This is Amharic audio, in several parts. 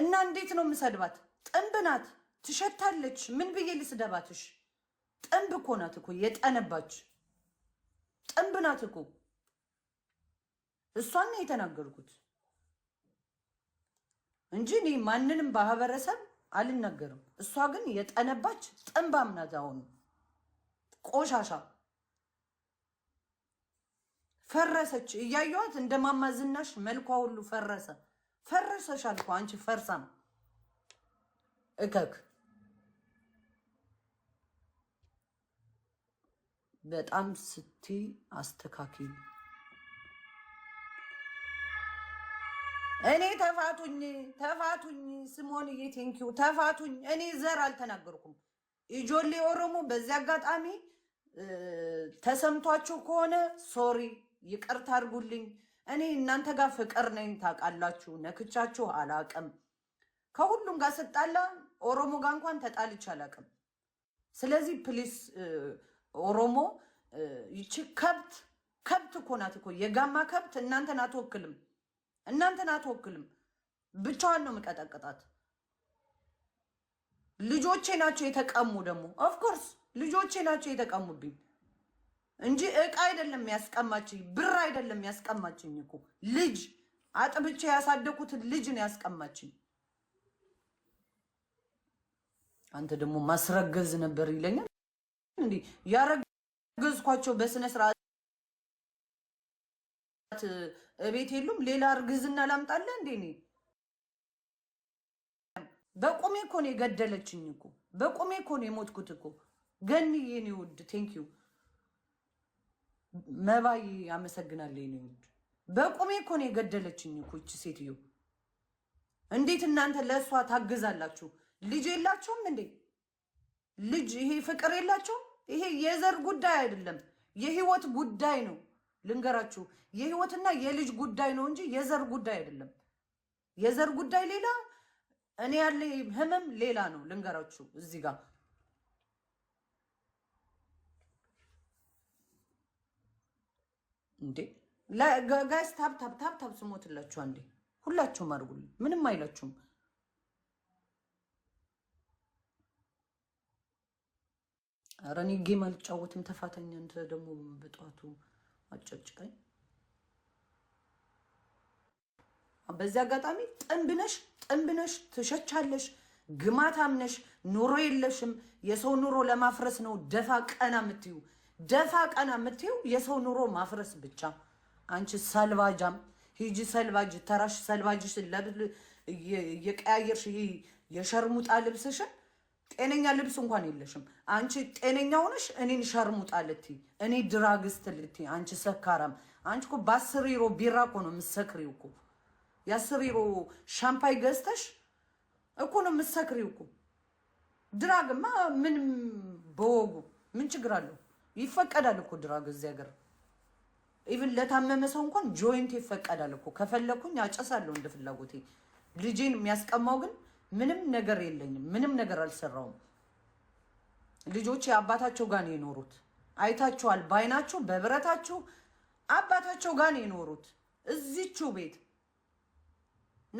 እና እንዴት ነው የምሰድባት? ጥንብ ናት፣ ትሸታለች። ምን ብዬ ልስደባትሽ? ጥንብ እኮ ናት እኮ የጠነባች ጥንብ ናት እኮ። እሷን ነው የተናገርኩት እንጂ እኔ ማንንም ማህበረሰብ አልናገርም። እሷ ግን የጠነባች ጥንባም ናት። አሁን ቆሻሻ ፈረሰች። እያየኋት እንደ ማማ ዝናሽ መልኳ ሁሉ ፈረሰ። ፈርሰሻል እኮ አንቺ ፈርሳ ነው እከክ በጣም ስቲ አስተካኪ። እኔ ተፋቱኝ ተፋቱኝ፣ ስሞንዬ ቴንኪው ተፋቱኝ። እኔ ዘር አልተናገርኩም። ኢጆሌ ኦሮሞ በዚህ አጋጣሚ ተሰምቷችሁ ከሆነ ሶሪ፣ ይቅርታ አድርጉልኝ። እኔ እናንተ ጋር ፍቅር ነኝ ታውቃላችሁ። ነክቻችሁ አላቅም። ከሁሉም ጋር ስጣላ ኦሮሞ ጋር እንኳን ተጣልቼ አላቅም። ስለዚህ ፕሊስ ኦሮሞ ይቺ ከብት ከብት እኮ ናት እኮ የጋማ ከብት እናንተን አትወክልም። እናንተን አትወክልም። ብቻዋን ነው የምቀጠቅጣት። ልጆቼ ናቸው የተቀሙ ደግሞ ኦፍኮርስ ልጆቼ ናቸው የተቀሙብኝ። እንጂ እቃ አይደለም ያስቀማችኝ፣ ብር አይደለም ያስቀማችኝ እኮ ልጅ አጥብቼ ያሳደኩትን ልጅ ነው ያስቀማችኝ። አንተ ደግሞ ማስረገዝ ነበር ይለኛል። እንዲህ ያረገዝኳቸው በስነ ስርዓት እቤት የሉም። ሌላ እርግዝና ላምጣለ እንዴ? እኔ በቁሜ እኮ ነው የገደለችኝ እኮ በቁሜ እኮ ነው የሞትኩት እኮ ገንዬ ነው ውድ ቴንኪዩ መባይ አመሰግናለኝ ኔ በቁሜ እኮ ነው የገደለችኝ እኮ ይቺ ሴትዮ። እንዴት እናንተ ለእሷ ታግዛላችሁ? ልጅ የላችሁም እንዴ? ልጅ ይሄ ፍቅር የላችሁም? ይሄ የዘር ጉዳይ አይደለም፣ የህይወት ጉዳይ ነው። ልንገራችሁ፣ የህይወትና የልጅ ጉዳይ ነው እንጂ የዘር ጉዳይ አይደለም። የዘር ጉዳይ ሌላ፣ እኔ ያለ ህመም ሌላ ነው። ልንገራችሁ እዚህ ጋር እንዴ ጋይስ ታብ ታብ ታብ ታብ ስሞትላችሁ አንዴ ሁላችሁም አድርጉልኝ። ምንም አይላችሁም። ኧረ እኔ ጌም አልጫወትም። ተፋተኛ አንተ ደግሞ በጠዋቱ አጨጭቀኝ። በዚህ አጋጣሚ ጥንብነሽ ጥንብነሽ ትሸቻለሽ፣ ግማታምነሽ፣ ኑሮ የለሽም። የሰው ኑሮ ለማፍረስ ነው ደፋ ቀና የምትዩ ደፋ ቀና የምትይው የሰው ኑሮ ማፍረስ ብቻ። አንቺ ሰልባጃም ሂጂ ሰልባጅ ተራሽ ሰልባጅሽ እየቀያየርሽ የሸርሙጣ ልብስሽን ጤነኛ ልብስ እንኳን የለሽም። አንቺ ጤነኛ ሆነሽ እኔን ሸርሙጣ ልትይ፣ እኔ ድራግስት ልትይ፣ አንቺ ሰካራም። አንቺ እኮ በአስር ዩሮ ቢራ እኮ ነው የምትሰክሪው እኮ የአስር ዩሮ ሻምፓይ ገዝተሽ እኮ ነው የምትሰክሪው እኮ። ድራግማ ምን በወጉ ምን ችግር አለው? ይፈቀዳል እኮ ድራግ እዚህ ሀገር ኢቭን ለታመመ ሰው እንኳን ጆይንት ይፈቀዳል እኮ። ከፈለኩኝ አጨሳለሁ እንደ ፍላጎቴ። ልጄን የሚያስቀማው ግን ምንም ነገር የለኝም፣ ምንም ነገር አልሰራውም። ልጆች አባታቸው ጋር ነው የኖሩት። አይታችኋል፣ ባይናችሁ በብረታችሁ አባታቸው ጋር ነው የኖሩት። እዚችው ቤት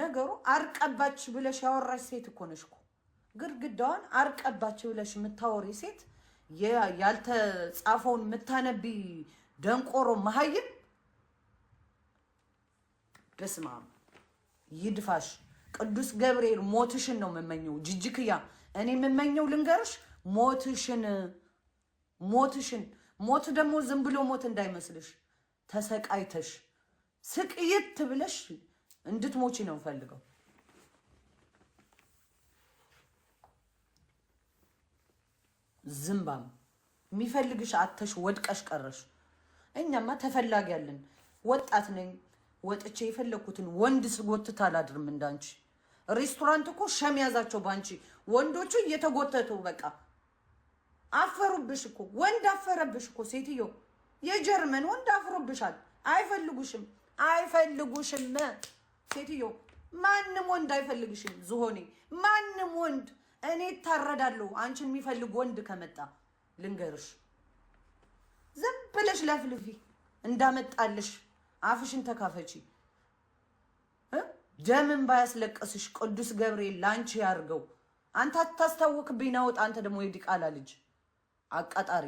ነገሩ አርቀባች ብለሽ ያወራሽ ሴት እኮ ነሽ እኮ ግድግዳዋን አርቀባች ብለሽ የምታወሪ ሴት ያልተጻፈውን የምታነቢ ደንቆሮ መሀይም በስመ አብ ይድፋሽ። ቅዱስ ገብርኤል ሞትሽን ነው የምመኘው። ጅጅክያ እኔ የምመኘው ልንገርሽ፣ ሞትሽን ሞትሽን። ሞት ደግሞ ዝም ብሎ ሞት እንዳይመስልሽ፣ ተሰቃይተሽ ስቅይት ብለሽ እንድትሞቺ ነው ፈልገው። ዝምባም የሚፈልግሽ አተሽ ወድቀሽ ቀረሽ። እኛማ ተፈላጊ ያለን ወጣት ነኝ ወጥቼ የፈለግኩትን ወንድ ስጎትት አላድርም እንዳንቺ። ሬስቶራንት እኮ ሸም ያዛቸው ባንቺ። ወንዶቹ እየተጎተቱ በቃ አፈሩብሽ እኮ ወንድ አፈረብሽ እኮ ሴትዮ። የጀርመን ወንድ አፍሮብሻል። አይፈልጉሽም፣ አይፈልጉሽም ሴትዮ። ማንም ወንድ አይፈልግሽም ዝሆኔ። ማንም ወንድ እኔ እታረዳለሁ። አንቺን የሚፈልግ ወንድ ከመጣ ልንገርሽ፣ ዝም ብለሽ ለፍልፊ እንዳመጣልሽ አፍሽን ተካፈቺ። ደምን ባያስለቀስሽ ቅዱስ ገብርኤል ላንቺ ያርገው። አንተ አታስታውቅብኝ ናወጥ። አንተ ደግሞ የዲቃላ ልጅ አቃጣሪ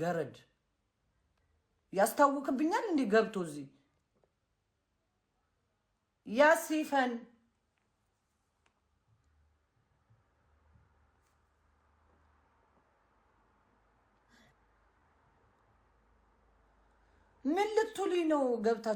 ገረድ ያስታውቅብኛል። እንዲህ ገብቶ እዚህ ያሲፈን ምን ልትሉኝ ነው? ገብታችሁ